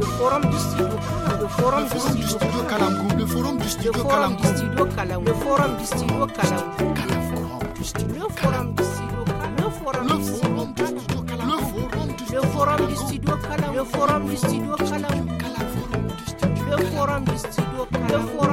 le forum du studio le forum du studio le forum du studio le forum du studio le forum du studio le forum du studio le forum du studio le forum du studio le forum du studio Calam.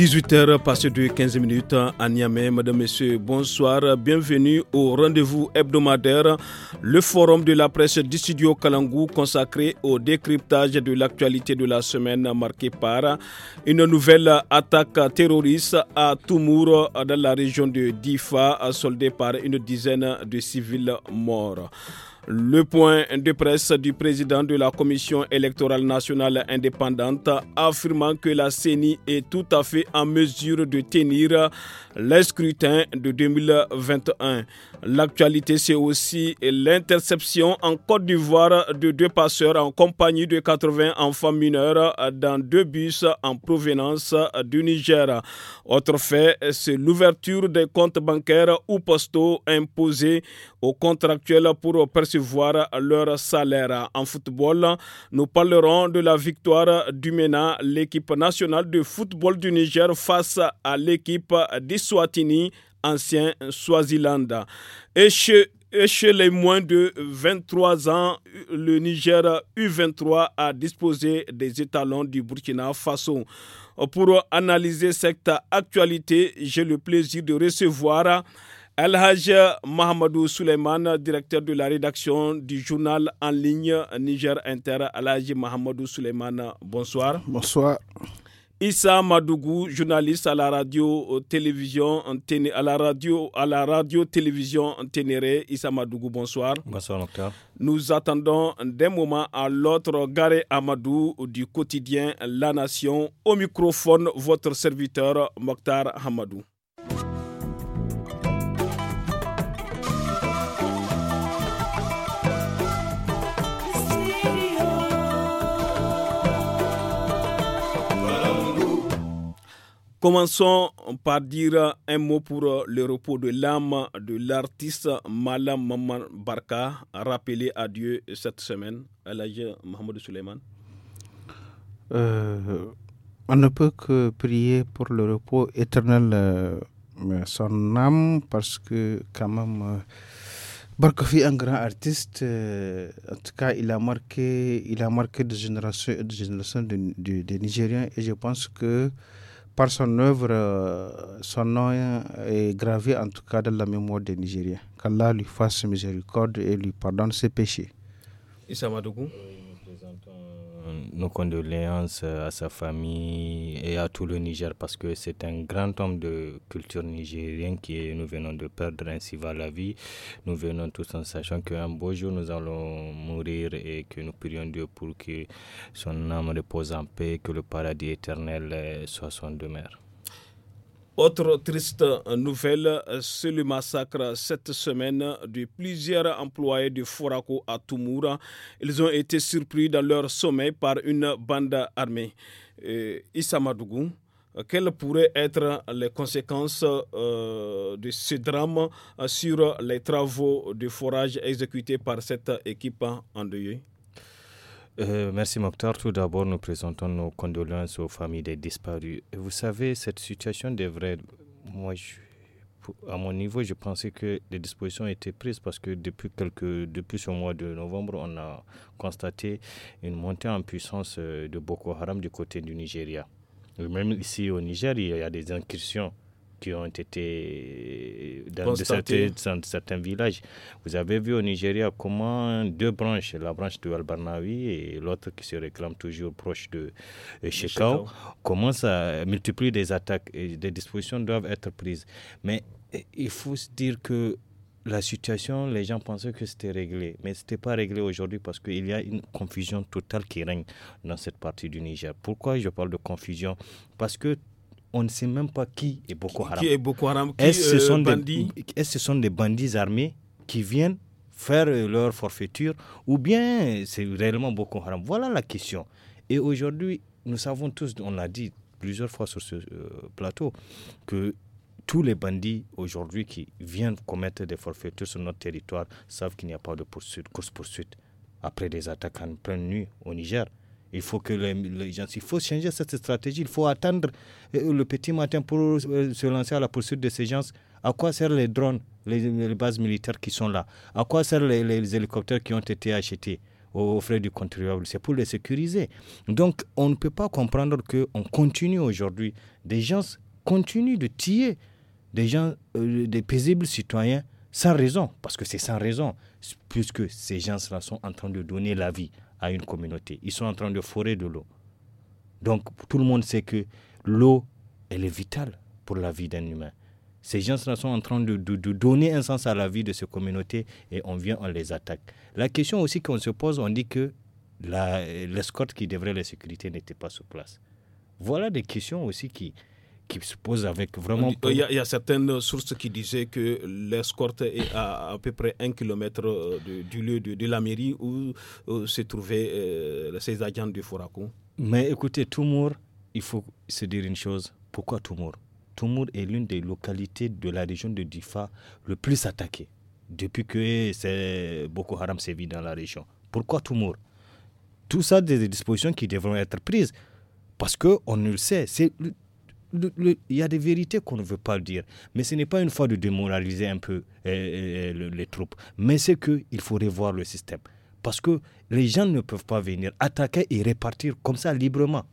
18h passé de 15 minutes à Niamey. Mesdames, Messieurs, bonsoir. Bienvenue au rendez-vous hebdomadaire, le forum de la presse du studio Kalangou consacré au décryptage de l'actualité de la semaine marquée par une nouvelle attaque terroriste à Toumour dans la région de Difa, soldée par une dizaine de civils morts. Le point de presse du président de la Commission électorale nationale indépendante affirmant que la CENI est tout à fait en mesure de tenir les scrutins de 2021. L'actualité, c'est aussi l'interception en Côte d'Ivoire de deux passeurs en compagnie de 80 enfants mineurs dans deux bus en provenance du Niger. Autre fait, c'est l'ouverture des comptes bancaires ou postaux imposés aux contractuels pour percevoir leur salaire. En football, nous parlerons de la victoire du MENA, l'équipe nationale de football du Niger face à l'équipe des Swatini, ancien Swaziland. Et chez les moins de 23 ans, le Niger U23 a disposé des étalons du Burkina Faso. Pour analyser cette actualité, j'ai le plaisir de recevoir Alhaj Mahamadou Suleiman, directeur de la rédaction du journal en ligne Niger Inter. Alhaj Mahamadou Suleiman, bonsoir. Bonsoir. Issa Madougou, journaliste à la radio euh, télévision à la radio à la radio télévision Ténéré. Issa Madougou, bonsoir. Bonsoir docteur. Nous attendons d'un moment à l'autre Garé Amadou du quotidien La Nation au microphone votre serviteur Mokhtar Hamadou. Commençons par dire un mot pour le repos de l'âme de l'artiste Malam Maman Barka, rappelé à Dieu cette semaine, à l'âge Mohamed Suleiman. Euh, on ne peut que prier pour le repos éternel de euh, son âme parce que quand même euh, Barka un grand artiste en tout cas il a marqué il a marqué des générations et des générations de, Nigériens et je pense que par son œuvre, euh, son nom est gravé en tout cas dans la mémoire des Nigériens. Qu'Allah lui fasse miséricorde et lui pardonne ses péchés nos condoléances euh, à sa famille et à tout le Niger parce que c'est un grand homme de culture nigérienne qui nous venons de perdre ainsi va la vie. Nous venons tous en sachant qu'un beau jour nous allons mourir et que nous prions Dieu pour que son âme repose en paix, que le paradis éternel euh, soit son demeure. Autre triste nouvelle, c'est le massacre cette semaine de plusieurs employés du Foraco à Toumoura. Ils ont été surpris dans leur sommeil par une bande armée. Et quelles pourraient être les conséquences euh, de ce drame sur les travaux de forage exécutés par cette équipe endeuillée euh, merci Mokhtar. Tout d'abord, nous présentons nos condoléances aux familles des disparus. vous savez, cette situation devrait, moi, à mon niveau, je pensais que des dispositions étaient prises parce que depuis, quelques, depuis ce mois de novembre, on a constaté une montée en puissance euh, de Boko Haram du côté du Nigeria. même ici au Niger, il y a des incursions qui ont été euh, dans certains, hein. certains, villages. Vous avez vu au Nigeria comment deux branches, la branche de Al-Barnawi et l'autre qui se réclame toujours proche de euh, Chekao, commencent à multiplier des attaques et des dispositions doivent être prises. Mais eh, il faut se dire que la situation, les gens pensaient que c'était réglé, mais ce n'était pas réglé aujourd'hui parce qu'il y a une confusion totale qui règne dans cette partie du Niger. Pourquoi je parle de confusion Parce que on ne sait même pas qui est Boko Haram. Qui est Boko Haram Est-ce que euh, ce, sont Des, bandits armés qui viennent faire euh, leur forfaiture ou bien c'est réellement Boko Haram Voilà la question. Et aujourd'hui, nous savons tous, on l'a dit plusieurs fois sur ce euh, plateau, que tous les bandits aujourd'hui qui viennent commettre des forfaitures sur notre territoire savent qu'il n'y a pas de poursuite, course-poursuite après des attaques en pleine nuit au Niger. Il faut que il faut changer cette stratégie. Il faut attendre euh, le petit matin pour euh, se lancer à la poursuite de ces gens. À quoi servent les drones, les, bases militaires qui sont là À quoi servent les, hélicoptères qui ont été achetés aux, frais du contribuable C'est pour les sécuriser. Donc, on ne peut pas comprendre qu'on continue aujourd'hui. Des gens continuent de tirer des gens, euh, des paisibles citoyens, sans raison, parce que c'est sans raison, puisque ces gens-là sont en train de donner la vie à une communauté. Ils sont en train de forer de l'eau. Donc tout le monde sait que l'eau, elle est vitale pour la vie d'un humain. Ces gens-là sont en train de, donner un sens à la vie de ces communautés et on vient, on les attaque. La question aussi qu'on se pose, on dit que l'escorte qui devrait la sécurité n'était pas sur place. Voilà des questions aussi qui, se avec vraiment. Il y, a, certaines sources qui disaient que l'escorte est à, à peu près un kilomètre euh, du lieu de, la mairie où, euh, se trouvaient euh, ces agents de Fouraco. Mais écoutez, Toumour, il faut se dire une chose. Pourquoi Toumour Toumour est l'une des localités de la région de Difa le plus attaquée depuis que Boko Haram sévit dans la région. Pourquoi Toumour Tout ça, des dispositions qui devront être prises. Parce qu'on ne le sait, c'est il y a des vérités qu'on ne veut pas dire. Mais ce n'est pas une fois de démoraliser un peu eh, eh, eh, les troupes. Mais c'est qu'il faut revoir le système. Parce que les gens ne peuvent pas venir attaquer et répartir comme ça librement.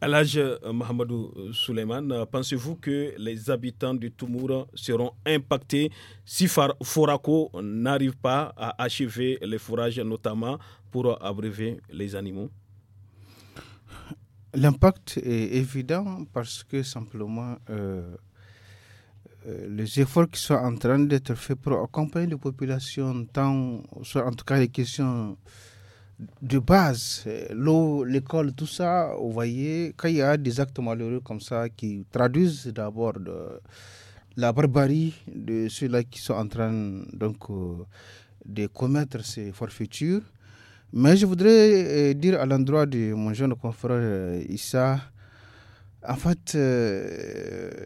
À l'âge euh, Mohamedou Suleiman, euh, pensez-vous que les habitants du Toumour seront impactés si Forako n'arrive pas à achever les fourrages, notamment pour abréver les animaux L'impact est évident parce que simplement euh, euh, les efforts qui sont en train d'être faits pour accompagner les populations, tant sur en tout cas les questions de base, l'eau, l'école, tout ça, vous voyez, quand il y a des actes malheureux comme ça qui traduisent d'abord la barbarie de ceux-là qui sont en train donc, euh, de commettre ces forfaitures, mais je voudrais euh, dire à l'endroit de mon jeune confrère euh, Issa, en fait, il euh,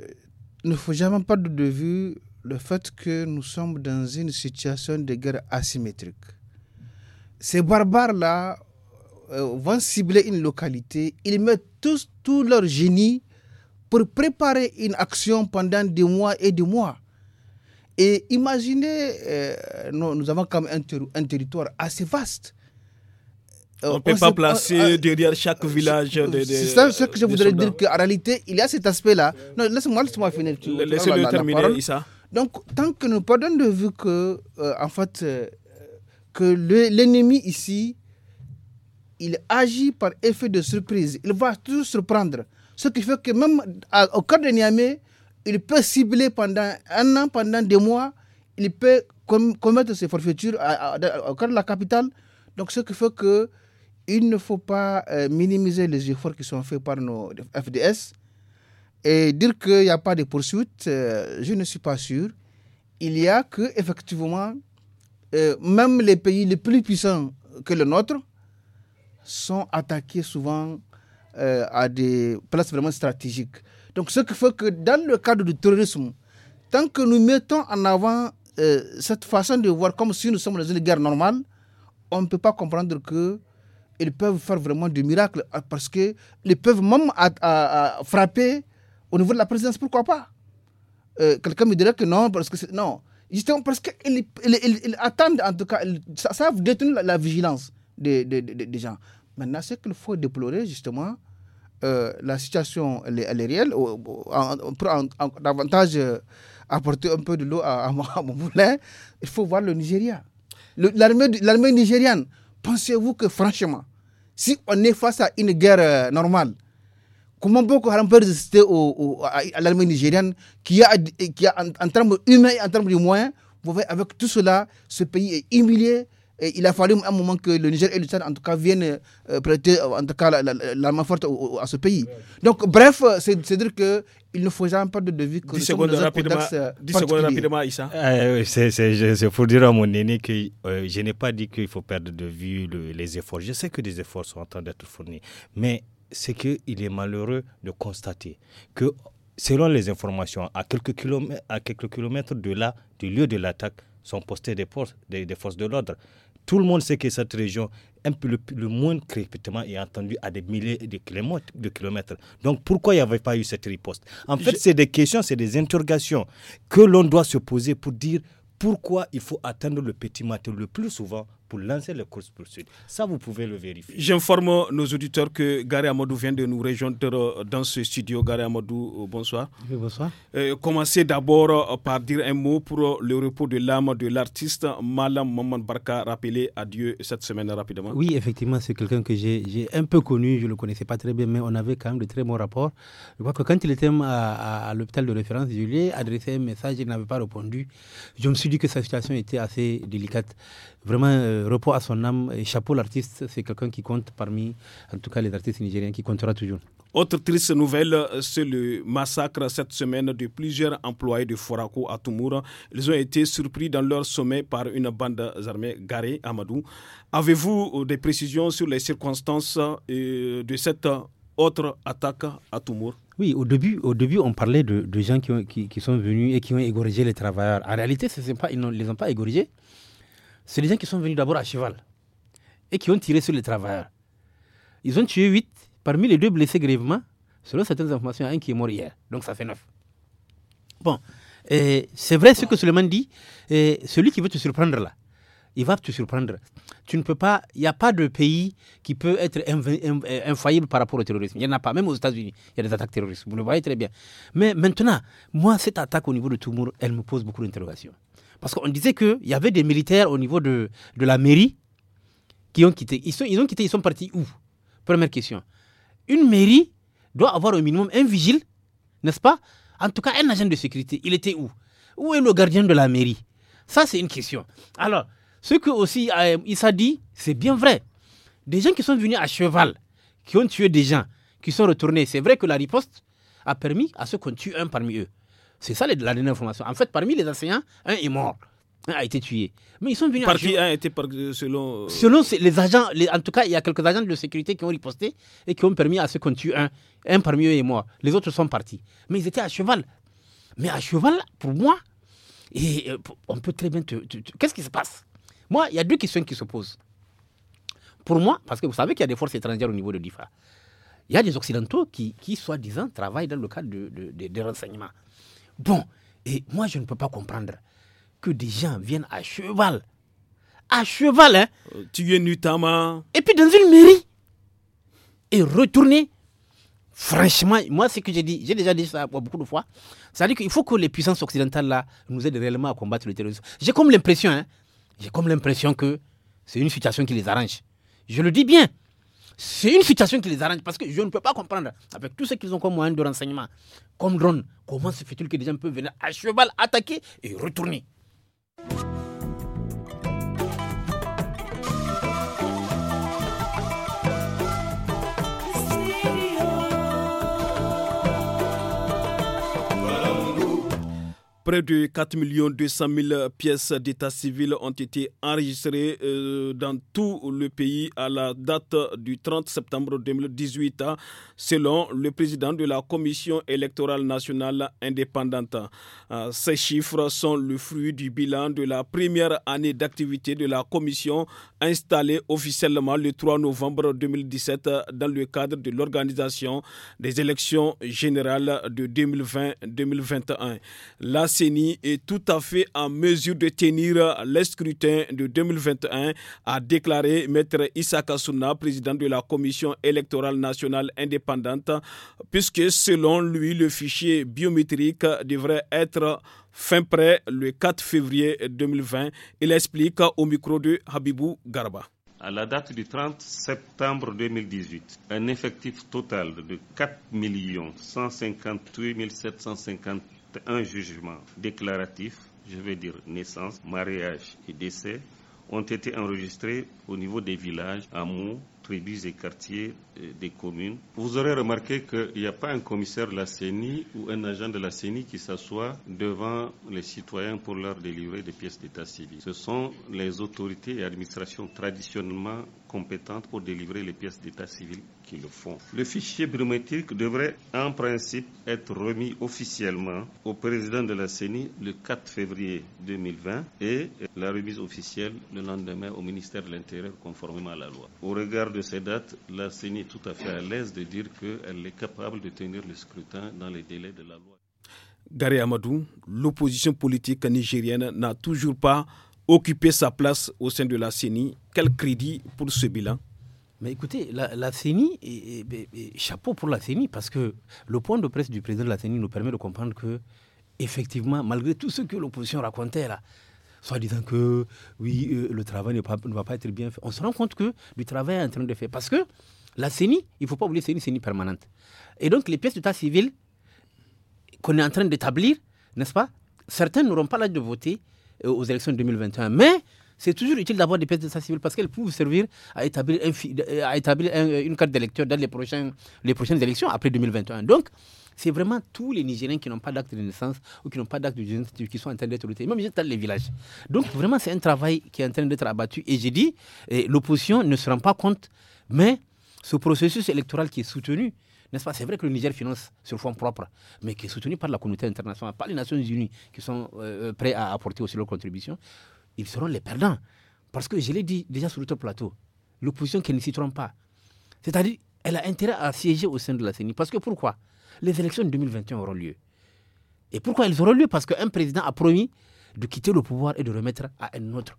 ne faut jamais perdre de vue le fait que nous sommes dans une situation de guerre asymétrique. Ces barbares-là vont cibler une localité, ils mettent tous, tout leur génie pour préparer une action pendant des mois et des mois. Et imaginez, nous, avons quand même un territoire assez vaste. Euh, on ne peut pas placer euh, euh, derrière chaque village. C'est ça ce que je voudrais dire, qu'en réalité, il y a cet aspect-là. Non, laisse-moi finir. laissez moi terminer, Donc, tant que nous perdons de vue que, en fait, que l'ennemi ici, il agit par effet de surprise. Il va toujours surprendre. Ce qui fait que même au cœur de Niamey, il peut cibler pendant un an, pendant des mois, il peut commettre ses forfaitures au cœur de la capitale. Donc, ce qui fait que il ne faut pas euh, minimiser les efforts qui sont faits par nos FDS et dire qu'il n'y a pas de poursuites, euh, je ne suis pas sûr. Il y a que effectivement, euh, même les pays les plus puissants que le nôtre sont attaqués souvent à des places vraiment stratégiques. Donc ce qui fait que dans le cadre du terrorisme, tant que nous mettons en avant cette façon de voir comme si nous sommes dans une guerre normale, on ne peut pas comprendre que ils peuvent faire vraiment des miracles euh, parce qu'ils peuvent même à, frapper au niveau de la présidence, pourquoi pas euh, Quelqu'un me dirait que non, parce que c'est... non. Justement parce qu'ils ils, attendent, en tout cas, ça, savent détenir la, vigilance des, des, des, gens. Maintenant, ce qu'il faut déplorer, justement, euh, la situation, elle, est réelle. On peut davantage apporter un peu de l'eau à, à, mon moulin. Il faut voir le Nigeria. L'armée nigériane pensez-vous que franchement, si on est face à une guerre euh, normale, comment Boko Haram peut résister à, l'armée nigérienne qui a, qui a en, termes humains et en termes de moyens, vous voyez, avec tout cela, ce pays est humilié. Et il a fallu un moment que le Niger et le Tchad, en tout cas, viennent euh, prêter, en tout cas, la, forte à ce pays. Donc, bref, euh, c'est dire que il ne faut jamais perdre de vue que 10 nous secondes rapidement, 10 euh, secondes rapidement, Issa. Ah, c'est pour dire à mon aîné que euh, je n'ai pas dit qu'il faut perdre de vue les efforts. Je sais que des efforts sont en train d'être fournis, mais c'est qu'il est malheureux de constater que, selon les informations, à quelques kilomètres, à quelques kilomètres de là, du lieu de l'attaque, sont postées des, des forces de l'ordre. Tout le monde sait que cette région, un le, moins crépitement est entendu à des milliers de kilomètres. Donc pourquoi il n'y avait pas eu cette riposte En fait, c'est des questions, c'est des interrogations que l'on doit se poser pour dire pourquoi il faut attendre le petit matin le plus souvent pour lancer les courses poursuites. Ça, vous pouvez le vérifier. J'informe nos auditeurs que Gary Amadou vient de nous rejoindre euh, dans ce studio. Gary Amadou, euh, bonsoir. Oui, bonsoir. Euh, commencez d'abord par dire un mot pour le repos de l'âme de l'artiste Malam Maman Barka, rappelé à Dieu cette semaine rapidement. Oui, effectivement, c'est quelqu'un que j'ai un peu connu. Je ne le connaissais pas très bien, mais on avait quand même de très bons rapports. Je crois que quand il était à, à l'hôpital de référence, je lui ai adressé un message, il n'avait pas répondu. Je me suis dit que sa situation était assez délicate. Vraiment, euh, repos à son âme et chapeau l'artiste, c'est quelqu'un qui compte parmi, en tout cas, les artistes nigériens, qui comptera toujours. Autre triste nouvelle, c'est le massacre cette semaine de plusieurs employés de Foraco à Toumoura. Ils ont été surpris dans leur sommet par une bande armée garée à Madou. Avez-vous euh, des précisions sur les circonstances euh, de cette autre attaque à Toumour oui, au début, au début, on parlait de, de gens qui, qui, sont venus et qui ont égorgé les travailleurs. En réalité, ce pas, ils ne les ont pas égorgés c'est les gens qui sont venus d'abord à cheval et qui ont tiré sur les travailleurs. Ils ont tué huit parmi les deux blessés grèvement. selon certaines informations, un qui est mort hier. Donc ça fait neuf. Bon, c'est vrai ce que Suleiman dit, et celui qui veut te surprendre là, il va te surprendre. Tu ne peux pas, il n'y a pas de pays qui peut être euh, infaillible par rapport au terrorisme. Il n'y en a pas, même aux États-Unis, il y a des attaques terroristes. Vous le voyez très bien. Mais maintenant, moi, cette attaque au niveau de Toumour, elle me pose beaucoup d'interrogations. Parce qu'on disait qu'il y avait des militaires au niveau de, la mairie qui ont quitté. Ils, sont, ils ont quitté, ils sont partis où Première question. Une mairie doit avoir au minimum un vigile, n'est-ce pas En tout cas, un agent de sécurité. Il était où Où est le gardien de la mairie Ça, c'est une question. Alors, ce que aussi euh, Issa dit, c'est bien vrai. Des gens qui sont venus à cheval, qui ont tué des gens, qui sont retournés, c'est vrai que la riposte a permis à ceux qu'on tue un parmi eux. C'est ça la dernière information. En fait, parmi les enseignants, un est mort, un a été tué. Mais ils sont venus. un a été par... Euh, selon. Euh, selon les agents, en tout cas, il y a quelques agents de sécurité qui ont riposté et qui ont permis à ceux qu'on tue un. Un parmi eux est mort. Les autres sont partis. Mais ils étaient à cheval. Mais à cheval, pour moi, euh, on peut très bien te. Qu'est-ce qui se passe Moi, il y a deux questions qui se posent. Pour moi, parce que vous savez qu'il y a des forces étrangères au niveau de l'IFA, il y a des Occidentaux qui, qui soi-disant, travaillent dans le cadre des renseignements. Bon, et moi je ne peux pas comprendre que des gens viennent à cheval. À cheval, hein. Euh, tu es Nutama. Et puis dans une mairie. Et retourner. Franchement, moi ce que j'ai dit, j'ai déjà dit ça beaucoup de fois. ça à dire qu'il faut que les puissances occidentales là nous aident réellement à combattre le terrorisme. J'ai comme l'impression, hein. J'ai comme l'impression que c'est une situation qui les arrange. Je le dis bien. C'est une situation qui les arrange parce que je ne peux pas comprendre, avec tout ce qu'ils ont comme moyen de renseignement, comme drone, comment se fait-il que des gens peuvent venir à cheval attaquer et retourner. Près de 4 200 000 pièces d'état civil ont été enregistrées euh, dans tout le pays à la date du 30 septembre 2018, selon le président de la Commission électorale nationale indépendante. Euh, ces chiffres sont le fruit du bilan de la première année d'activité de la Commission installée officiellement le 3 novembre 2017 dans le cadre de l'organisation des élections générales de 2020-2021 est tout à fait en mesure de tenir les scrutins de 2021, a déclaré Maître Issa Kassouna, président de la Commission électorale nationale indépendante, puisque selon lui, le fichier biométrique devrait être fin prêt le 4 février 2020. Il explique au micro de Habibou Garba. À la date du 30 septembre 2018, un effectif total de 4 158 750 un jugement déclaratif, je veux dire naissance, mariage et décès, ont été enregistrés au niveau des villages, hameaux, tribus et quartiers euh, des communes. Vous aurez remarqué qu'il n'y a pas un commissaire de la CENI ou un agent de la CENI qui s'assoit devant les citoyens pour leur délivrer des pièces d'état civil. Ce sont les autorités et administrations traditionnellement compétentes pour délivrer les pièces d'état civil qui le font. Le fichier biométrique devrait en principe être remis officiellement au président de la CENI le 4 février 2020 et la remise officielle le lendemain au ministère de l'Intérieur conformément à la loi. Au regard de ces dates, la CENI est tout à fait à l'aise de dire qu'elle est capable de tenir le scrutin dans les délais de la loi. Gary Amadou, l'opposition politique nigérienne n'a toujours pas occupé sa place au sein de la CENI. Quel crédit pour ce bilan mais écoutez, la, CENI, et, chapeau pour la CENI, parce que le point de presse du président de la CENI nous permet de comprendre que, effectivement, malgré tout ce que l'opposition racontait là, soit disant que oui, euh, le travail ne va pas être bien fait. On se rend compte que le travail est en train de faire. Parce que la CENI, il ne faut pas oublier, c'est une CENI permanente. Et donc, les pièces d'état civil qu'on est en train d'établir, n'est-ce pas Certains n'auront pas l'âge de voter euh, aux élections de 2021. Mais c'est toujours utile d'avoir des pièces d'état civil parce qu'elles peuvent vous servir à établir, à établir une carte d'électeur dans les, prochains, les prochaines élections après 2021. Donc, c'est vraiment tous les Nigériens qui n'ont pas d'acte de naissance ou qui n'ont pas d'acte de génétique qui sont en train d'être lutés, même les villages. Donc vraiment, c'est un travail qui est en train d'être abattu. Et j'ai dit, eh, l'opposition ne se rend pas compte, mais ce processus électoral qui est soutenu, n'est-ce pas C'est vrai que le Niger finance sur fonds propre, mais qui est soutenu par la communauté internationale, par les Nations Unies, qui sont euh, euh, prêts à apporter aussi leur contribution, ils seront les perdants. Parce que je l'ai dit déjà sur l'autre plateau, l'opposition qui ne s'y trompe pas. C'est-à-dire, elle a intérêt à siéger au sein de la CENI. Parce que pourquoi les élections de 2021 auront lieu. Et pourquoi elles auront lieu Parce qu'un président a promis de quitter le pouvoir et de remettre à un autre.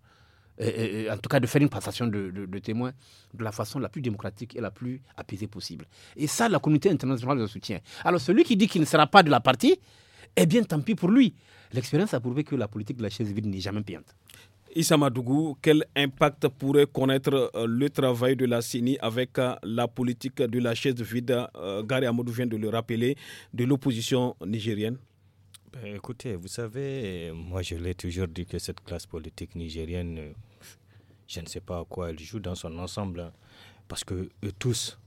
Euh, euh, euh, en tout cas, de faire une passation de, témoins de la façon la plus démocratique et la plus apaisée possible. Et ça, la communauté internationale le soutient. Alors, celui qui dit qu'il ne sera pas de la partie, eh bien, tant pis pour lui. L'expérience a prouvé que la politique de la chaise vide n'est jamais payante. Issa quel impact pourrait connaître euh, le travail de la CINI avec euh, la politique de la chaise vide euh, Gary Amadou vient de le rappeler, de l'opposition nigérienne ben, Écoutez, vous savez, moi je l'ai toujours dit que cette classe politique nigérienne, je ne sais pas à quoi elle joue dans son ensemble, hein, parce que tous,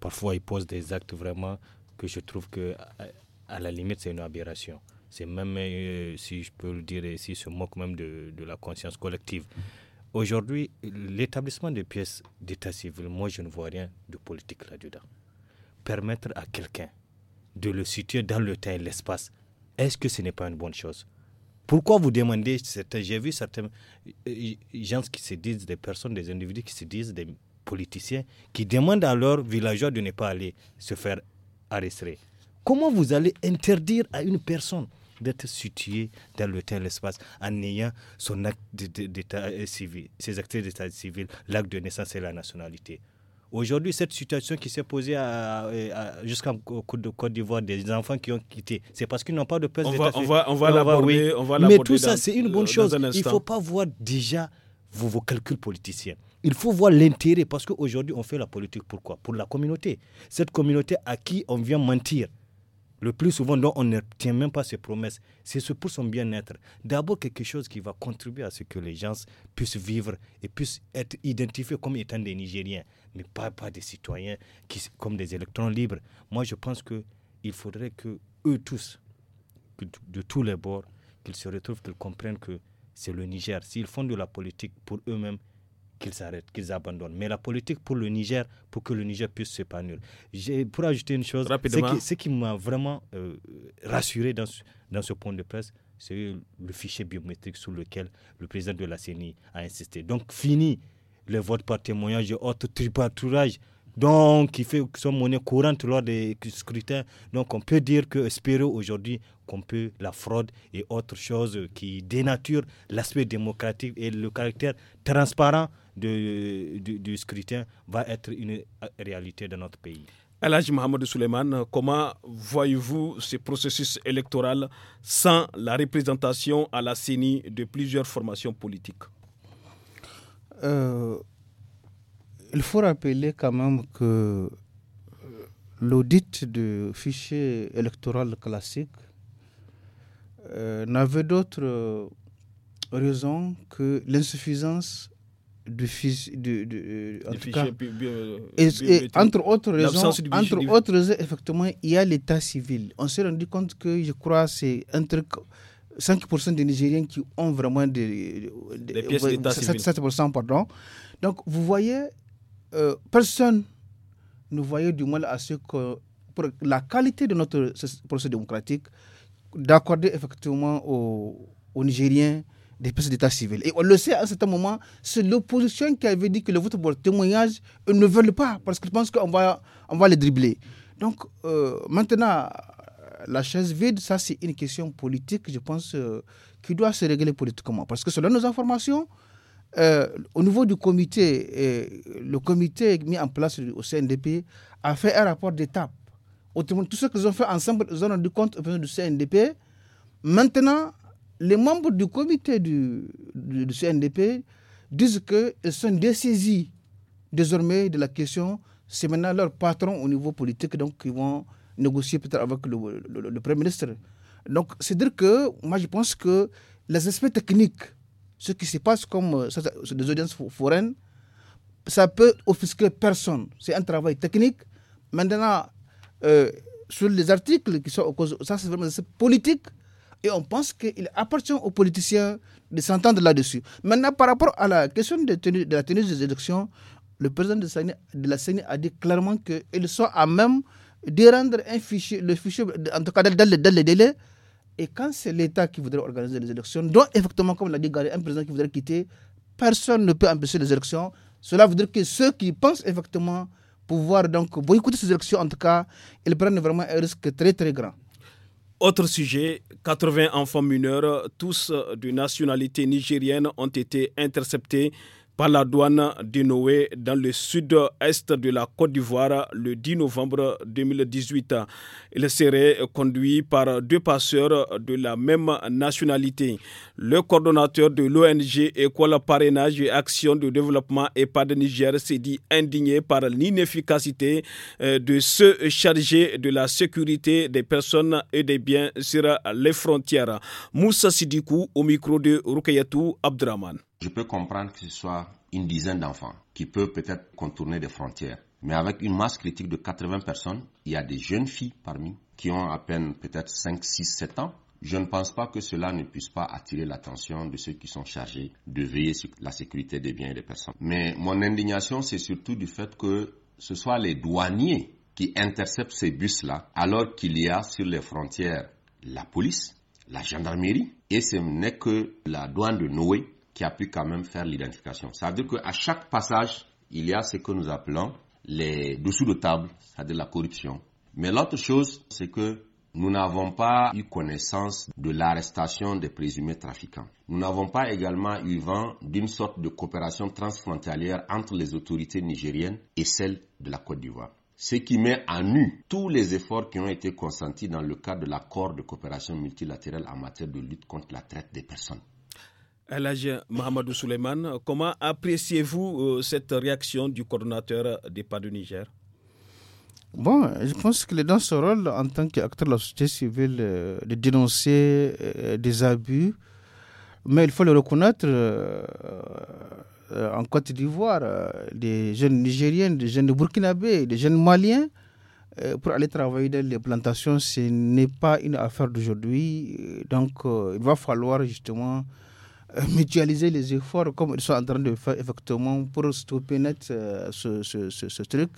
parfois, ils posent des actes vraiment que je trouve que, à la limite, c'est une aberration c'est même, euh, si je peux le dire ici, se moque même de, la conscience collective. Aujourd'hui, l'établissement des pièces d'état civil, moi je ne vois rien de politique là-dedans. Permettre à quelqu'un de le situer dans le temps et l'espace, est-ce que ce n'est pas une bonne chose Pourquoi vous demandez, j'ai vu certaines euh, gens qui se disent, des personnes, des individus qui se disent des politiciens, qui demandent à leurs villageois de ne pas aller se faire arrêter. Comment vous allez interdire à une personne d'être situé dans le tel espace en ayant son acte d'état euh, civil, ses actes d'état civil, l'acte de naissance et la nationalité. Aujourd'hui, cette situation qui s'est posée à, jusqu'en Côte d'Ivoire des enfants qui ont quitté, c'est parce qu'ils n'ont pas de place d'état civil. On va, on va l'aborder. Oui. Mais tout ça, c'est une bonne euh, chose. Il ne faut pas voir déjà vos, vos calculs politiciens. Il faut voir l'intérêt parce qu'aujourd'hui, on fait la politique pourquoi Pour la communauté. Cette communauté à qui on vient mentir. Le plus souvent, donc, on ne tient même pas ses promesses. C'est pour son bien-être. D'abord, quelque chose qui va contribuer à ce que les gens puissent vivre et puissent être identifiés comme étant des Nigériens, mais pas, pas des citoyens qui, comme des électrons libres. Moi, je pense qu'il faudrait que eux tous, de tous les bords, qu'ils se retrouvent, qu'ils comprennent que c'est le Niger. S'ils font de la politique pour eux-mêmes, qu'ils s'arrêtent, qu'ils abandonnent. Mais la politique pour le Niger, pour que le Niger puisse s'épanouir. Pour ajouter une chose, ce qui, m'a vraiment euh, rassuré dans, dans ce point de presse, c'est le fichier biométrique sur lequel le président de la CENI a insisté. Donc fini le vote par témoignage et autres tripatourage donc qui, fait, sont monnaies courantes lors des scrutins. Donc on peut dire que espérer aujourd'hui qu'on peut la fraude et autres choses qui dénaturent l'aspect démocratique et le caractère transparent du, scrutin va être une réalité dans notre pays. Alhaji Mohamed Souleiman, comment voyez-vous ce processus électoral sans la représentation à la CENI de plusieurs formations politiques euh, il faut rappeler quand même que euh, l'audit de fichier électoral classique euh, n'avait d'autre euh, raison que l'insuffisance du, fichier entre autres raisons, effectivement, il y a l'état civil. On s'est rendu compte que, je crois, c'est entre 5% des Nigériens qui ont vraiment des, des, 7%, pardon. Donc, vous voyez, euh, personne ne voyait du mal à ce que, la qualité de notre procès démocratique, d'accorder effectivement aux, Nigériens des places d'état civil. Et on le sait à un certain moment, c'est l'opposition qui avait dit que le vote pour le témoignage, ne veulent pas parce qu'ils pensent qu'on va, on va les dribbler. Donc euh, maintenant, la chaise vide, ça c'est une question politique, je pense, euh, qui doit se régler politiquement. Parce que selon nos informations, euh, au niveau du comité, euh, le comité mis en place au CNDP a fait un rapport d'étape. tout ce qu'ils ont fait ensemble, ils ont rendu compte au du CNDP. Maintenant, les membres du comité du, CNDP disent qu'ils sont dessaisis désormais de la question. C'est maintenant leur patron au niveau politique, donc ils vont négocier peut-être avec le, le, Premier ministre. Donc, c'est dire que moi, je pense que les aspects techniques ce qui se passe comme euh, des audiences foraines, ça peut offusquer personne. C'est un travail technique. Maintenant, euh, sur les articles qui sont au causes, ça c'est vraiment politique. Et on pense qu'il appartient aux politiciens de s'entendre là-dessus. Maintenant, par rapport à la question de, de la tenue des élections, le président de, de la CENI a dit clairement qu'ils soit à même de rendre un fichier, le fichier, en tout cas dans les délais et quand c'est l'État qui voudrait organiser les élections, donc effectivement, comme l'a dit Gary, un président qui voudrait quitter, personne ne peut empêcher les élections. Cela veut dire que ceux qui pensent effectivement pouvoir donc boycotter ces élections, en tout cas, ils prennent vraiment un risque très très grand. Autre sujet, 80 enfants mineurs, tous de nationalité nigérienne, ont été interceptés par la douane de Noé dans le sud-est de la Côte d'Ivoire le 10 novembre 2018. Il serait conduit par deux passeurs de la même nationalité. Le coordonnateur de l'ONG École Parrainage et Action de Développement de Niger s'est dit indigné par l'inefficacité euh, de ceux chargés de la sécurité des personnes et des biens sur les frontières. Moussa Sidikou au micro de Rukayatou Abdraman. Je peux comprendre que ce soit une dizaine d'enfants qui peuvent peut-être contourner des frontières. Mais avec une masse critique de 80 personnes, il y a des jeunes filles parmi qui ont à peine peut-être 5, 6, 7 ans. Je ne pense pas que cela ne puisse pas attirer l'attention de ceux qui sont chargés de veiller sur la sécurité des biens et des personnes. Mais mon indignation, c'est surtout du fait que ce soit les douaniers qui interceptent ces bus-là, alors qu'il y a sur les frontières la police, la gendarmerie, et ce n'est que la douane de Noé qui a pu quand même faire l'identification. Ça veut dire qu'à chaque passage, il y a ce que nous appelons les dessous de table, c'est-à-dire la corruption. Mais l'autre chose, c'est que nous n'avons pas eu connaissance de l'arrestation des présumés trafiquants. Nous n'avons pas également eu vent d'une sorte de coopération transfrontalière entre les autorités nigériennes et celles de la Côte d'Ivoire. Ce qui met à nu tous les efforts qui ont été consentis dans le cadre de l'accord de coopération multilatérale en matière de lutte contre la traite des personnes. Alage Mohamedou Souleyman, comment appréciez-vous euh, cette réaction du coordonnateur des pas du Niger Bon, je pense qu'il est dans ce rôle, en tant qu'acteur de la société civile, euh, de dénoncer euh, des abus. Mais il faut le reconnaître, en Côte d'Ivoire, des jeunes Nigériens, des jeunes Burkinabés, des jeunes Maliens, pour aller travailler dans les plantations, ce n'est pas une affaire d'aujourd'hui. Donc, il va falloir justement euh, mutualiser les efforts comme ils sont en train de faire effectivement pour stopper net euh, ce, ce, truc.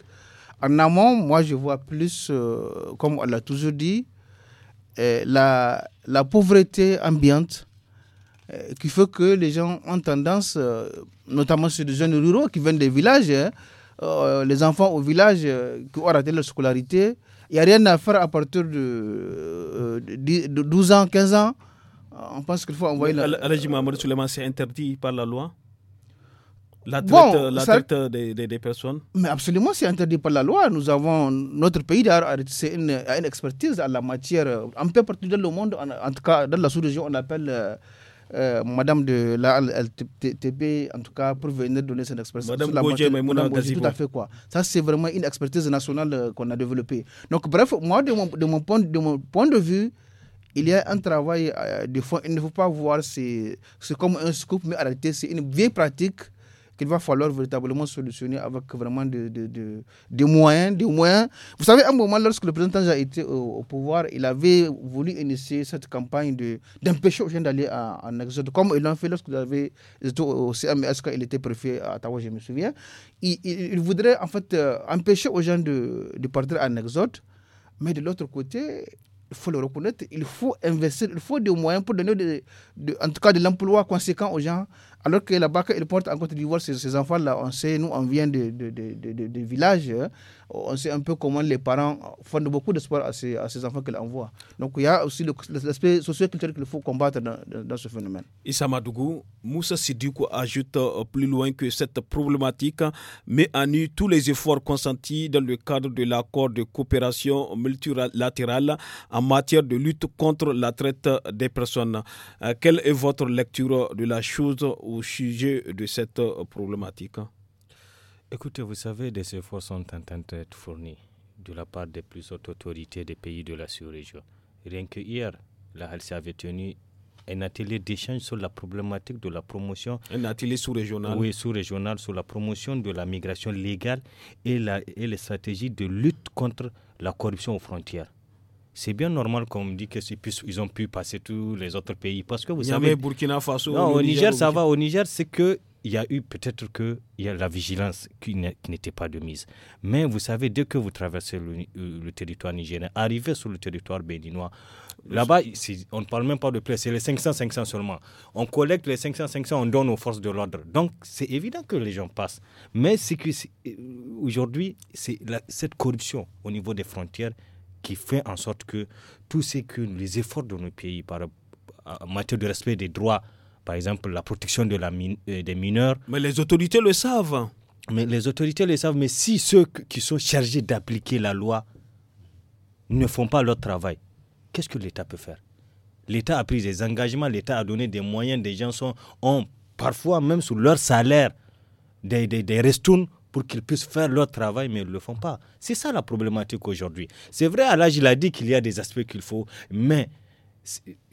En amont, moi je vois plus, euh, comme on l'a toujours dit, la, la, pauvreté ambiante qui fait que les gens ont tendance, notamment ceux des jeunes ruraux qui viennent des villages, hein, les enfants au village qui ont raté leur scolarité, il n'y a rien à faire à partir de, de 12 ans, 15 ans on pense qu'il faut envoyer... Alaji Souleymane, c'est interdit par la loi la traite, la des, des, personnes Mais absolument, c'est interdit par la loi. Nous avons, notre pays a une, une, expertise à la matière. Un peu partout dans le monde, en, tout cas dans la sous-région, on appelle euh, euh, Madame de la LTP, en tout cas, pour venir donner son expertise. Madame Gaudier, tout à fait quoi. Ça, c'est vraiment une expertise nationale euh, qu'on a développée. Donc, bref, moi, de mon, de mon, point, de mon point de vue, il y a un travail euh, de fond. Il ne faut pas voir c'est comme un scoop, mais en réalité, c'est une vieille pratique qu'il va falloir véritablement solutionner avec vraiment des de, de, de moyens, Vous savez, à un moment, lorsque le président a été au, pouvoir, il avait voulu initier cette campagne d'empêcher aux gens d'aller en exode, comme ils l'ont fait lorsque vous avez été au CMS quand il était préfet à Ottawa, je me souviens. Il, voudrait en fait euh, empêcher aux gens de, de partir en exode. Mais de l'autre côté, il faut le reconnaître, il faut investir, il faut des moyens pour donner, en tout cas, de l'emploi conséquent aux gens alors que la bas ils en Côte d'Ivoire, ces, ces enfants-là, on sait, nous, on vient de, de, de, de villages, euh, on sait un peu comment les parents font beaucoup d'espoir à ces, à ces enfants qu'ils envoient. Donc il y a aussi l'aspect culturel qu'il faut combattre dans, dans, ce phénomène. Issa Madougou, Moussa Sidoukou ajoute euh, plus loin que cette problématique mais en nu tous les efforts consentis dans le cadre de l'accord de coopération multilatérale en matière de lutte contre la traite des personnes. Euh, quelle est votre lecture de la chose au sujet de cette euh, problématique Écoutez, vous savez, des efforts sont en train d'être fournis de la part des plus hautes autorités des pays de la sous-région. Rien que hier, la Halse avait tenu un atelier d'échange sur la problématique de la promotion. Un atelier sous-régional. Oui, sous-régional sur la promotion de la migration légale et, la, et les stratégies de lutte contre la corruption aux frontières c'est bien normal qu'on me dise qu'ils ont pu passer tous les autres pays. Parce que vous savez. Burkina Faso. au Niger, ça va. Au Niger, c'est qu'il y a eu peut-être que y a la vigilance qui n'était pas de mise. Mais vous savez, dès que vous traversez le, euh, territoire nigérien, arrivez sur le territoire béninois, là-bas, on ne parle même pas de presse, c'est les 500-500 seulement. On collecte les 500-500, on donne aux forces de l'ordre. Donc, c'est évident que les gens passent. Mais euh, aujourd'hui, c'est cette corruption au niveau des frontières qui fait en sorte que tous ces que les efforts de nos pays par, euh, en matière de respect des droits, par exemple la protection de la euh, des mineurs. Mais les autorités le savent. Mais les autorités le savent, mais si ceux qui sont chargés d'appliquer la loi ne font pas leur travail, qu'est-ce que l'État peut faire L'État a pris des engagements, l'État a donné des moyens, des gens sont, ont parfois même sous leur salaire des, des, des pour qu'ils puissent faire leur travail, mais ils ne le font pas. C'est ça la problématique aujourd'hui. C'est vrai, à l'âge, il a dit qu'il y a des aspects qu'il faut, mais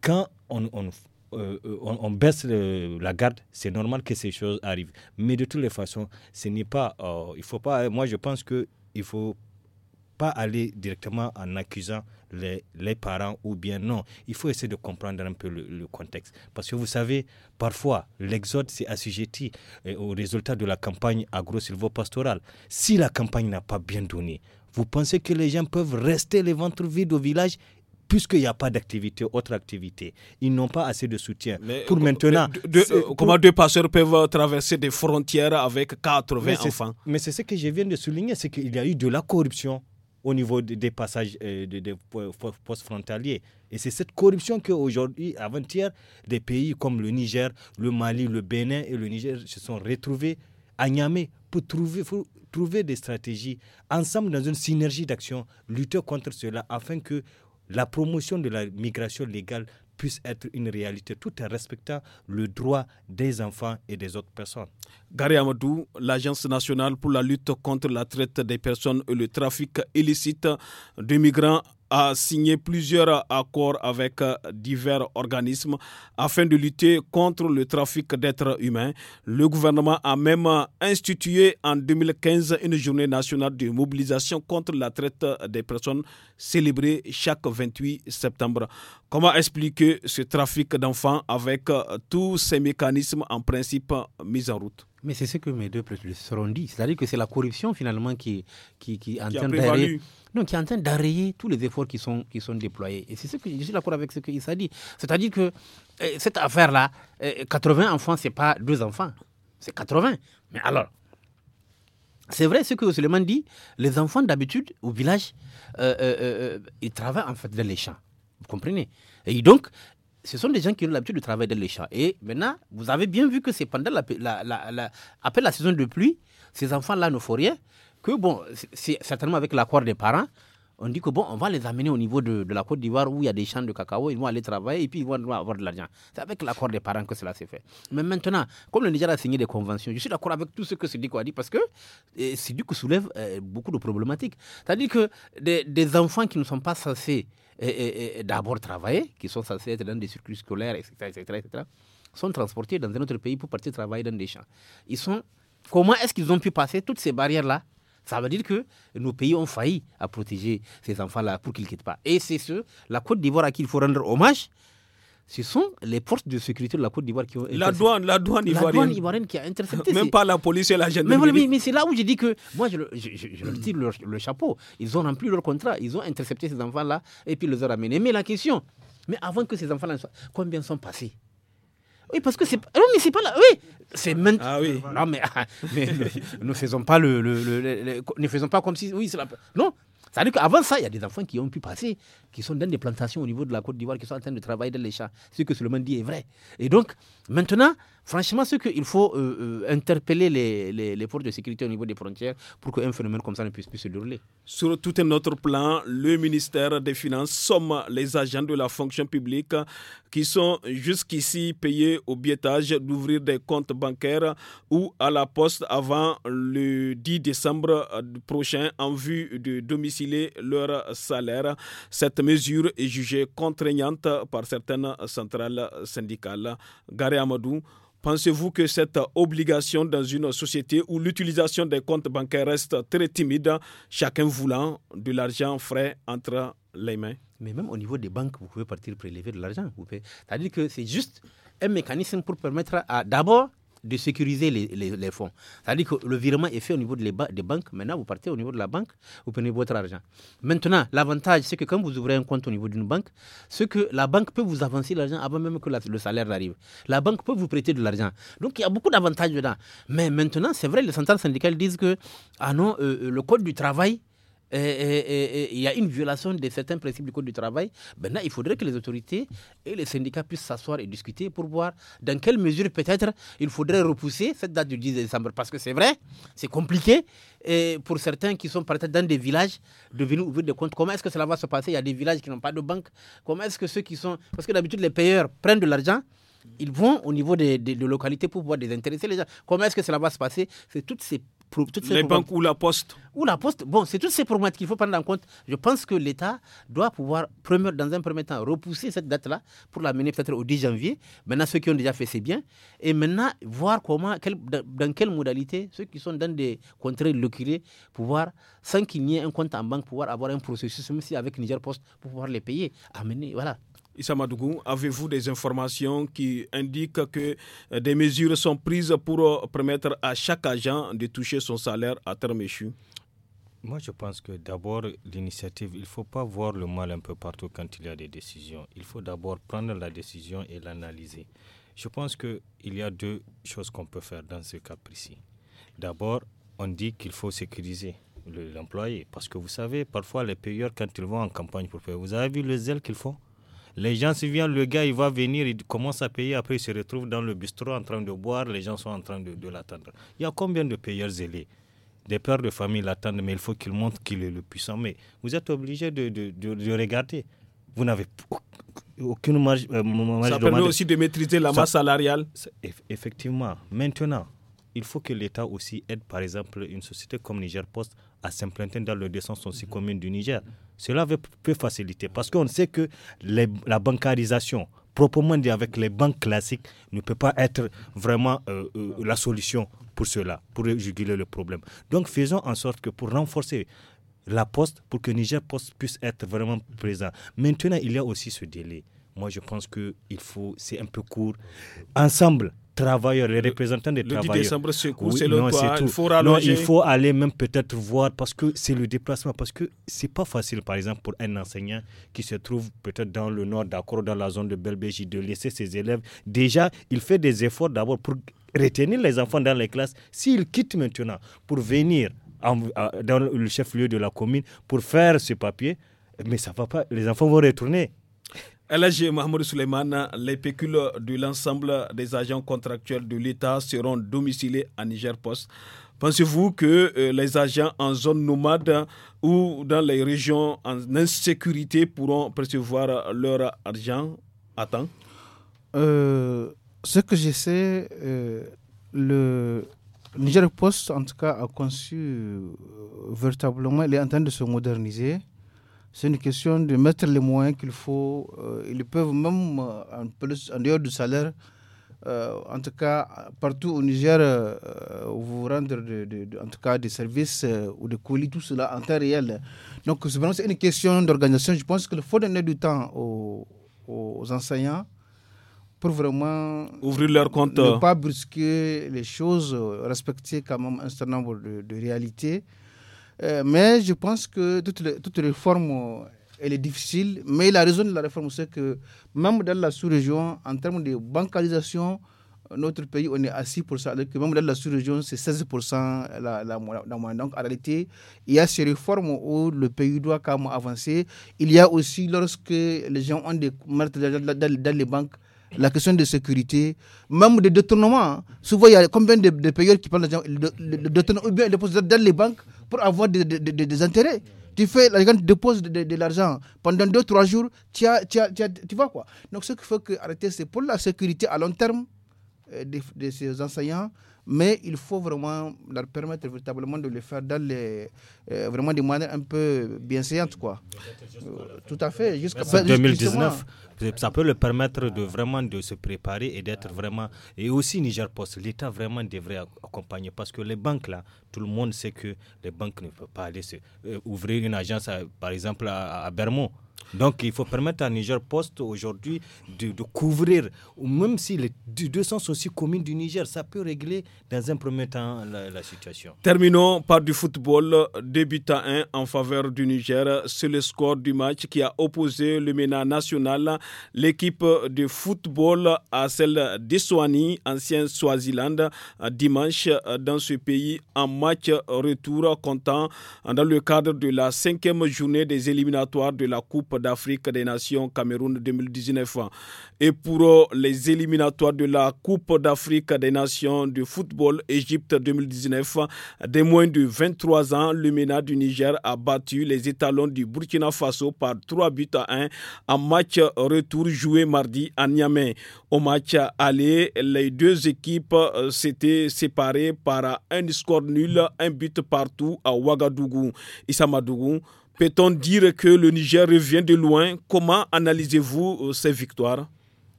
quand on, on, euh, euh, on, baisse la garde, c'est normal que ces choses arrivent. Mais de toutes les façons, ce n'est pas. Euh, il faut pas. Moi, je pense qu'il ne faut pas aller directement en accusant les, parents ou bien non. Il faut essayer de comprendre un peu le, contexte. Parce que vous savez, parfois, l'exode s'est assujetti euh, au résultat de la campagne agro-silvopastorale. Si la campagne n'a pas bien donné, vous pensez que les gens peuvent rester les ventres vides au village puisqu'il n'y a pas d'activité, autre activité. Ils n'ont pas assez de soutien. pour maintenant. Comment deux pasteurs peuvent traverser des frontières avec 80 enfants Mais c'est ce que je viens de souligner c'est qu'il y a eu de la corruption au niveau des passages euh, des postes frontaliers. Et c'est cette corruption qu'aujourd'hui, avant-hier, des pays comme le Niger, le Mali, le Bénin et le Niger se sont retrouvés à Niamey pour trouver, pour trouver des stratégies ensemble dans une synergie d'action, lutter contre cela afin que la promotion de la migration légale puisse être une réalité tout en respectant le droit des enfants et des autres personnes. Gary Amadou, l'Agence nationale pour la lutte contre la traite des personnes et le trafic illicite de migrants a signé plusieurs accords avec euh, divers organismes afin de lutter contre le trafic d'êtres humains. Le gouvernement a même euh, institué en 2015 une journée nationale de mobilisation contre la traite euh, des personnes célébrée chaque 28 septembre. Comment expliquer ce trafic d'enfants avec tous ces mécanismes en principe mis en route mais c'est ce que mes deux seront dit. C'est-à-dire que c'est la corruption finalement qui, qui, en qui est en train d'arrayer tous les efforts qui sont, qui sont déployés. Et c'est ce que je suis d'accord avec ce qu'il s'est dit. C'est-à-dire que euh, cette affaire-là, 80 euh, enfants, c'est pas deux enfants, c'est 80. Mais alors, c'est vrai ce que Suleiman dit, les enfants d'habitude au village, euh, ils travaillent en fait dans les champs. Vous comprenez Et donc, ce sont des gens qui ont l'habitude de travailler dans les champs. Et maintenant, vous avez bien vu que c'est pendant la, après la saison de pluie, ces enfants-là ne font rien. Que bon, c'est certainement avec l'accord des parents, on dit que bon, on va les amener au niveau de, la Côte d'Ivoire où il y a des champs de cacao, ils vont aller travailler et puis ils vont avoir de l'argent. C'est avec l'accord des parents que cela s'est fait. Mais maintenant, comme le Niger a signé des conventions, je suis d'accord avec tout ce que Sidiko a dit parce que eh, Sidiko soulève eh, beaucoup de problématiques. C'est-à-dire que des enfants qui ne sont pas censés et, d'abord travailler, qui sont censés être dans des circuits scolaires, etc., etc., etc., sont transportés dans un autre pays pour partir travailler dans des champs. Ils sont, comment est-ce qu'ils ont pu passer toutes ces barrières-là ça veut dire que nos pays ont failli à protéger ces enfants-là pour qu'ils ne quittent pas. Et c'est ce, la Côte d'Ivoire à qui il faut rendre hommage, ce sont les portes de sécurité de la Côte d'Ivoire qui ont intercepté. La douane, la douane ivoirienne. La douane ivoirienne qui a intercepté. Même pas la police et la gendarmerie. Mais, mais c'est là où je dis que moi, je, leur tire le, chapeau. Ils ont rempli leur contrat, ils ont intercepté ces enfants-là et puis ils les ont ramenés. Mais la question, mais avant que ces enfants-là soient, combien sont passés oui, parce que c'est. Non, mais c'est pas là. Oui, c'est maintenant. Ah oui. Non, mais, ne, faisons pas le, le, Ne faisons pas comme si. Oui, c'est la. Non, c'est-à-dire qu'avant ça, il y a des enfants qui ont pu passer, qui sont dans des plantations au niveau de la Côte d'Ivoire, qui sont en train de travailler dans les champs. Ce que Solomon dit est vrai. Et donc, maintenant, Franchement, ce qu'il faut euh, euh, interpeller les, les, forces de sécurité au niveau des frontières pour qu'un phénomène comme ça ne puisse plus se dérouler. Sur tout un autre plan, le ministère des Finances somme les agents de la fonction publique qui sont jusqu'ici payés au biétage d'ouvrir des comptes bancaires ou à la poste avant le 10 décembre prochain en vue de domiciler leur salaire. Cette mesure est jugée contraignante par certaines centrales syndicales. Gary Amadou, Pensez-vous que cette obligation dans une société où l'utilisation des comptes bancaires reste très timide, chacun voulant de l'argent frais entre les mains Mais même au niveau des banques, vous pouvez partir prélever de l'argent. C'est-à-dire que c'est juste un mécanisme pour permettre à d'abord de sécuriser les, les, fonds. C'est-à-dire que le virement est fait au niveau de des banques. Maintenant, vous partez au niveau de la banque, vous prenez votre argent. Maintenant, l'avantage, c'est que quand vous ouvrez un compte au niveau d'une banque, c'est que la banque peut vous avancer l'argent avant même que le salaire arrive. La banque peut vous prêter de l'argent. Donc, il y a beaucoup d'avantages dedans. Mais maintenant, c'est vrai, les centrales syndicales disent que, ah non, euh, euh, le code du travail, et, il y a une violation de certains principes du Code du travail, maintenant il faudrait que les autorités et les syndicats puissent s'asseoir et discuter pour voir dans quelle mesure peut-être il faudrait repousser cette date du 10 décembre. Parce que c'est vrai, c'est compliqué et pour certains qui sont peut-être dans des villages de venir ouvrir des comptes. Comment est-ce que cela va se passer Il y a des villages qui n'ont pas de banque. Comment est-ce que ceux qui sont. Parce que d'habitude, les payeurs prennent de l'argent ils vont au niveau des, des, localités pour pouvoir désintéresser les gens. Comment est-ce que cela va se passer C'est toutes ces toutes les banques ou la poste Ou la poste. Bon, c'est toutes ces problématiques qu'il faut prendre en compte. Je pense que l'État doit pouvoir, dans un premier temps, repousser cette date-là pour la mener peut-être au 10 janvier. Maintenant, ceux qui ont déjà fait, c'est bien. Et maintenant, voir comment, dans, quelle modalité, ceux qui sont dans des contrées localisées, pouvoir, sans qu'il n'y ait un compte en banque, pouvoir avoir un processus, même si avec Niger Post, pour pouvoir les payer. Amener, voilà. Isamadougou, avez-vous des informations qui indiquent que euh, des mesures sont prises pour euh, permettre à chaque agent de toucher son salaire à terme échu moi, je pense que d'abord, l'initiative, il ne faut pas voir le mal un peu partout quand il y a des décisions. Il faut d'abord prendre la décision et l'analyser. Je pense qu'il y a deux choses qu'on peut faire dans ce cas précis. D'abord, on dit qu'il faut sécuriser l'employé. Parce que vous savez, parfois, les payeurs, quand ils vont en campagne pour payer, vous avez vu le zèle qu'ils font les gens, si viennent, le gars, il va venir, il commence à payer, après il se retrouve dans le bistrot en train de boire, les gens sont en train de, l'attendre. Il y a combien de payeurs zélés Des pères de famille l'attendent, mais il faut qu'il montre qu'il est le puissant. Mais vous êtes obligé de, regarder vous n'avez aucune marge, euh, Ça permet aussi de maîtriser la masse salariale. Effectivement. Maintenant, il faut que l'État aussi aide, par exemple, une société comme Niger Post à s'implanter dans le dessin aussi mm-hmm. commune du Niger. Cela peut faciliter parce qu'on sait que la bancarisation, proprement dit avec les banques classiques, ne peut pas être vraiment euh, euh, la solution pour cela, pour juguler le problème. Donc faisons en sorte que pour renforcer la poste, pour que Niger Post puisse être vraiment présent. Maintenant, il y a aussi ce délai. Moi, je pense que faut, c'est un peu court. Ensemble, travailleurs, les représentants des travailleurs. Le décembre, c'est c'est le non, il faut il faut aller même peut-être voir parce que c'est le déplacement, parce que c'est pas facile, par exemple, pour un enseignant qui se trouve peut-être dans le nord d'accord, dans la zone de Belbégie, de laisser ses élèves. Déjà, il fait des efforts d'abord pour retenir les enfants dans les classes. S'il quitte maintenant pour venir dans le chef-lieu de la commune pour faire ce papier, mais ça va pas, les enfants vont retourner LG Mahmoud Souleymane, les pécules de l'ensemble des agents contractuels de l'État seront domicilés à Niger Post. Pensez-vous que euh, les agents en zone nomade ou dans les régions en insécurité pourront percevoir leur argent à temps euh, Ce que je sais, euh, le Niger Post, en tout cas, a conçu véritablement, il est en train de se moderniser. C'est une question de mettre les moyens qu'il faut. Euh, ils peuvent même, euh, en, plus, en dehors du salaire, euh, en tout cas, partout au Niger, vous rendre en tout cas des services ou des colis, tout cela en temps réel. Donc, c'est vraiment une question d'organisation. Je pense qu'il faut donner du temps aux, enseignants pour vraiment ouvrir leur compte, ne pas brusquer les choses, respecter quand même un certain nombre de, réalités. Euh, mais je pense que toute, réforme, elle est difficile. Mais la raison de la réforme, c'est que même dans la sous-région, en termes de bancalisation, notre pays, on est à 6%. même dans la sous-région, c'est 16% la, Donc, en réalité, il y a ces réformes où le pays doit quand même avancer. Il y a aussi, lorsque les gens ont des meurtres dans les banques, la question de sécurité, même des détournements. Souvent, il y a combien de, payeurs qui prennent des ou bien ils déposent dans les banques pour avoir des, intérêts. Tu fais, la tu déposes de, l'argent pendant deux trois jours, tu, tu, vois quoi. Donc, ce qu'il faut que, arrêter, c'est pour la sécurité à long terme de, euh, de ces enseignants, mais il faut vraiment leur permettre véritablement de le faire dans les, euh, vraiment de manière un peu bienveillante Quoi. Euh, tout à fait. Jusqu'à 2019, ça peut le permettre de vraiment de se préparer et d'être vraiment. Et aussi Niger Post, l'État vraiment devrait accompagner parce que les banques là, tout le monde sait que les banques ne peuvent pas aller se, euh, ouvrir une agence, par exemple à, à donc il faut permettre à Niger Post aujourd'hui de, couvrir, ou même si les sens sont aussi communes du Niger, ça peut régler dans un premier temps la, situation. Terminons par du football. Débutant 1 en faveur du Niger, c'est le score du match qui a opposé le MENA national, l'équipe de football à celle d'Eswani, ancien Swaziland, dimanche dans ce pays en match retour comptant dans le cadre de la cinquième journée des éliminatoires de la Coupe d'Afrique des Nations Cameroun 2019. Et pour euh, les éliminatoires de la Coupe d'Afrique des Nations de football Égypte 2019, des moins de 23 ans, le MENA du Niger a battu les étalons du Burkina Faso par 3 buts à 1 en match retour joué mardi à Niamey. Au match aller, les deux équipes euh, s'étaient séparées par un score nul, un but partout à Ouagadougou. Isamadougou. Peut-on dire que le Niger revient de loin Comment analysez-vous euh, ces victoires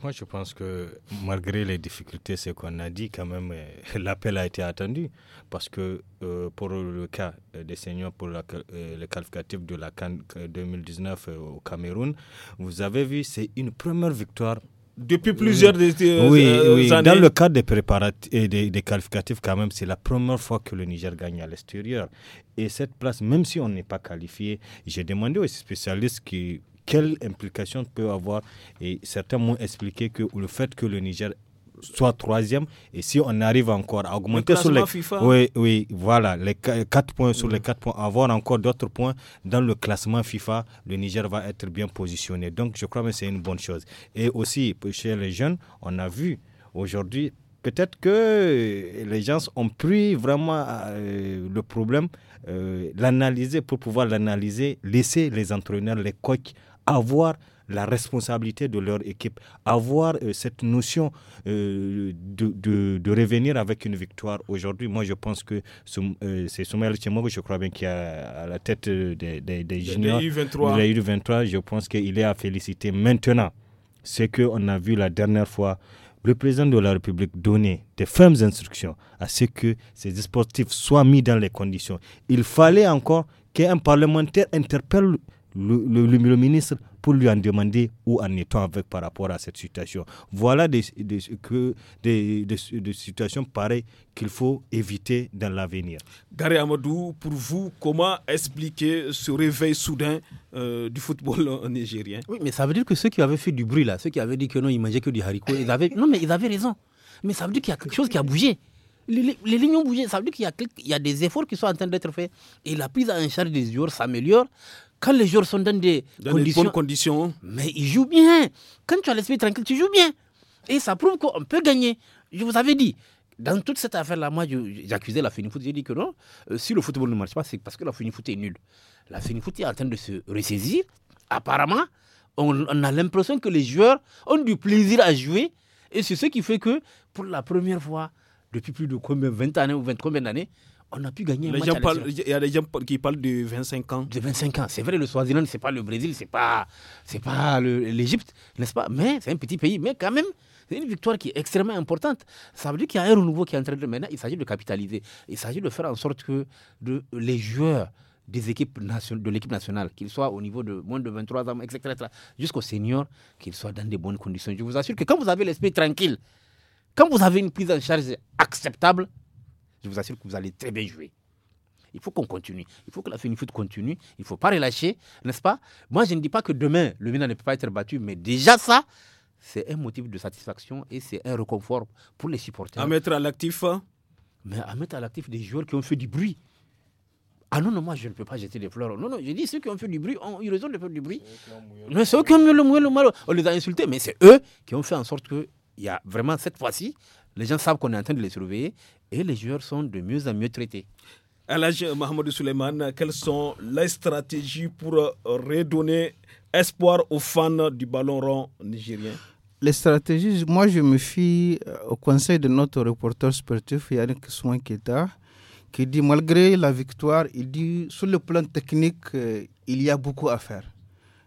moi, je pense que malgré les difficultés, ce qu'on a dit, quand même, euh, l'appel a été attendu. Parce que euh, pour le cas des seniors, pour le qualificatif de la CAN 2019 au Cameroun, vous avez vu, c'est une première victoire depuis plusieurs mm. oui. oui, euh, oui. Dans le cadre des préparatifs et des, qualificatifs, quand même, c'est la première fois que le Niger gagne à l'extérieur. Et cette place, même si on n'est pas qualifié, j'ai demandé aux spécialistes qui quelle implication peut avoir et certains m'ont expliqué que le fait que le Niger soit troisième. Et si on arrive encore à augmenter sur les. Oui, oui, voilà, les euh, quatre points sur les quatre points, avoir encore d'autres points dans le classement FIFA, le Niger va être bien positionné. Donc, je crois que c'est une bonne chose. Et aussi, chez les jeunes, on a vu aujourd'hui, peut-être que les gens ont pris vraiment euh, le problème, euh, l'analyser pour pouvoir l'analyser, laisser les entraîneurs, les coachs avoir la responsabilité de leur équipe, avoir euh, cette notion euh, de, de, revenir avec une victoire aujourd'hui. Moi, je pense que euh, c'est Soumaël Chemogo, je crois bien, qui est à la tête des, des, des juniors. De U23. je pense qu'il est à féliciter maintenant. Ce qu'on a vu la dernière fois, le président de la République donner des fermes instructions à ce que ces sportifs soient mis dans les conditions. Il fallait encore qu'un parlementaire interpelle le, ministre pour lui en demander où en est-on avec par rapport à cette situation. Voilà des, que, des, situations pareilles qu'il faut éviter dans l'avenir. Gary Amadou, pour vous, comment expliquer ce réveil soudain euh, du football nigérien Oui, mais ça veut dire que ceux qui avaient fait du bruit là, ceux qui avaient dit que non, ils mangeaient que du haricot, ils avaient... non, mais ils avaient raison. Mais ça veut dire qu'il y a quelque chose qui a bougé. Les, lignes ont bougé. Ça veut dire qu'il y, y, a des efforts qui sont en train d'être faits. Et la prise en charge des joueurs s'améliore. Quand les joueurs sont dans des conditions, bonnes conditions, hein. mais ils jouent bien. Quand tu as l'esprit tranquille, tu joues bien. Et ça prouve qu'on peut gagner. Je vous avais dit, dans toute cette affaire-là, moi, j'accusais la Finifoot. J'ai dit que non, euh, si le football ne marche pas, c'est parce que la FiniFoot est nulle. La foot est en train de se ressaisir. Apparemment, on, a l'impression que les joueurs ont du plaisir à jouer. Et c'est ce qui fait que, pour la première fois, depuis plus de combien, 20 années ou 20 combien d'années, on a pu gagner Il y a des gens qui parlent de 25 ans. De 25 ans. C'est vrai, le Swaziland, ce n'est pas le Brésil, ce n'est pas, pas l'Égypte, n'est-ce pas Mais c'est un petit pays. Mais quand même, c'est une victoire qui est extrêmement importante. Ça veut dire qu'il y a un renouveau qui est en train de. Maintenant, il s'agit de capitaliser. Il s'agit de faire en sorte que les joueurs des équipes de l'équipe nationale, qu'ils soient au niveau de moins de 23 ans, etc., jusqu'au senior, qu'ils soient dans de bonnes conditions. Je vous assure que quand vous avez l'esprit tranquille, quand vous avez une prise en charge acceptable, je vous assure que vous allez très bien jouer. Il faut qu'on continue. Il faut que la Foot continue. Il ne faut pas relâcher, n'est-ce pas Moi, je ne dis pas que demain, le Milan ne peut pas être battu, mais déjà ça, c'est un motif de satisfaction et c'est un réconfort pour les supporters. À mettre à l'actif hein? Mais à mettre à l'actif des joueurs qui ont fait du bruit. Ah non, non, moi je ne peux pas jeter des fleurs. Non, non, je dis ceux qui ont fait du bruit ont eu raison de faire du bruit. Mais ceux qui ont le mouillé on les a insultés, mais c'est eux qui ont fait en sorte que, il y a vraiment cette fois-ci, les gens savent qu'on est en train de les surveiller et les joueurs sont de mieux en mieux traités. Alage Mohamed Souleymane, quelles sont les stratégies pour euh, redonner espoir aux fans du ballon rond nigérien Les stratégies, moi je me fie euh, au conseil de notre reporter sportif Yannick Souanketa qui dit malgré la victoire, il dit sur le plan technique, euh, il y a beaucoup à faire.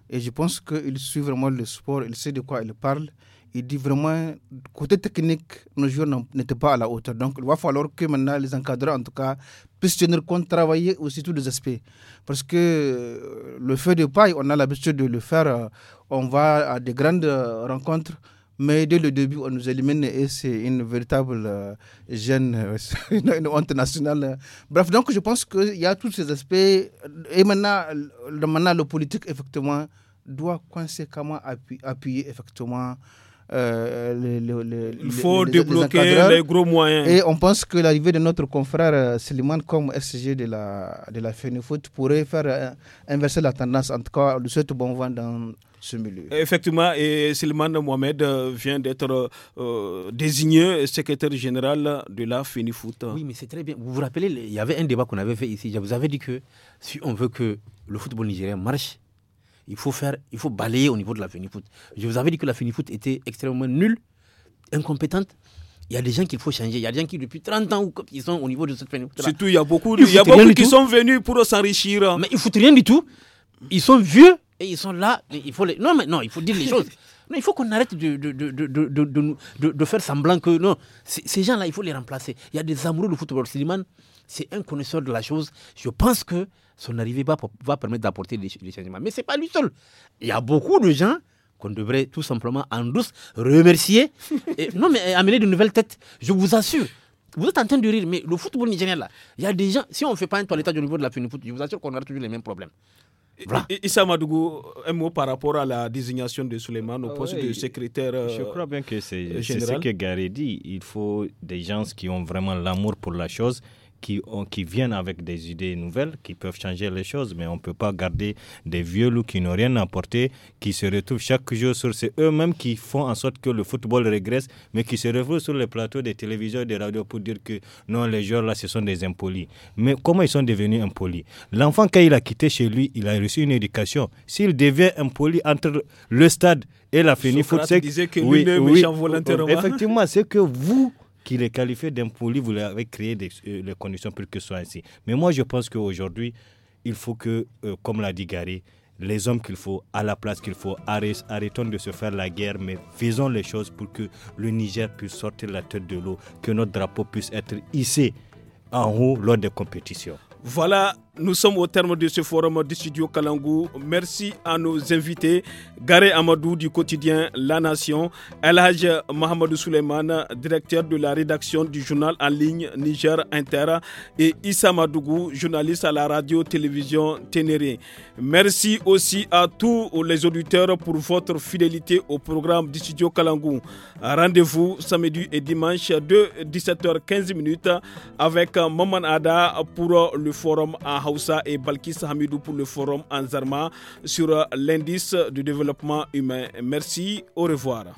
Et je pense qu'il suit vraiment le sport, il sait de quoi il parle il dit vraiment, côté technique, nos joueurs n'étaient pas à la hauteur. Donc, il va falloir que maintenant les encadreurs, en tout cas, puissent tenir compte, travailler aussi tous les aspects. Parce que euh, le feu de paille, on a l'habitude de le faire. Euh, on va à des grandes euh, rencontres. Mais dès le début, on nous élimine et c'est une véritable gêne, une, honte nationale. Bref, donc je pense qu'il y a tous ces aspects. Et maintenant, le, maintenant, politique, effectivement, doit conséquemment appuyer, appuyer effectivement, euh, il faut débloquer les, gros moyens. Et on pense que l'arrivée de notre confrère euh, Slimane comme SG de la, de la pourrait faire euh, inverser la tendance, en tout cas, de ce bon vent dans ce milieu. Effectivement, et Slimane Mohamed vient d'être désigné secrétaire général de la FENIFOOT. Oui, mais c'est très bien. Vous vous rappelez, il y avait un débat qu'on avait fait ici. Je vous avais dit que si on veut que le football nigérien marche, il faut faire, il faut balayer au niveau de la FENIFOOT. Je vous avais dit que la FENIFOOT était extrêmement nulle, incompétente. Il y a des gens qu'il faut changer. Il y a des gens qui, depuis 30 ans, ils sont au niveau de cette c'est Surtout, il y a beaucoup, il y a beaucoup qui sont venus pour s'enrichir. Mais ils foutent rien du tout. Ils sont vieux et ils sont là. Il faut les... Non, mais non, il faut dire les choses. il faut qu'on arrête de, de, de, de, faire semblant que non, ces gens-là, il faut les remplacer. Il y a des amoureux du football. Slimane, c'est un connaisseur de la chose. Je pense que son arrivée va, va permettre d'apporter des, changements. Mais ce n'est pas lui seul. Il y a beaucoup de gens qu'on devrait tout simplement en douce remercier. et, non, mais euh, amener de nouvelles têtes. Je vous assure. Vous êtes en train de rire, mais le football nigérien, là, il y a des gens, si on ne fait pas un toilettage au niveau de la foot, je vous assure qu'on aura toujours les mêmes problèmes. Issa Madougou, un mot par rapport à la désignation de Souleymane au ah poste de secrétaire euh, Je crois bien que c'est ce que Gary dit. Il faut des gens qui ont vraiment l'amour pour la chose qui, ont, qui viennent avec des idées nouvelles, qui peuvent changer les choses, mais on ne peut pas garder des vieux loups qui n'ont rien apporté, qui se retrouvent chaque jour sur... C'est eux-mêmes qui font en sorte que le football régresse, mais qui se retrouvent sur les plateaux des télévisions et des radios pour dire que non, les joueurs-là, ce sont des impolis. Mais comment ils sont devenus impolis L'enfant, quand il a quitté chez lui, il a reçu une éducation. S'il devient impoli entre le stade et la fini foot, c'est que... Oui, oui, oui, Effectivement, c'est que vous qui les qualifié d'impoli vous avez créé des, euh, les conditions pour que ce soit ainsi. Mais moi, je pense qu'aujourd'hui, il faut que, euh, comme l'a dit Gary, les hommes qu'il faut, à la place qu'il faut, arrêtons de se faire la guerre, mais faisons les choses pour que le Niger puisse sortir la tête de l'eau, que notre drapeau puisse être hissé en haut lors des compétitions. Voilà nous sommes au terme de ce forum du studio Kalangou. Merci à nos invités, Garé Amadou du quotidien La Nation, Elhaj Mohamedou Souleyman, directeur de la rédaction du journal en ligne Niger Inter, et Issa Madougou, journaliste à la radio-télévision Ténéré. Merci aussi à tous les auditeurs pour votre fidélité au programme du studio Kalangou. Rendez-vous samedi et dimanche de 17h15 avec Maman Ada pour le forum à et Balkis Hamidou pour le forum en Zarma sur l'indice du développement humain. Merci, au revoir.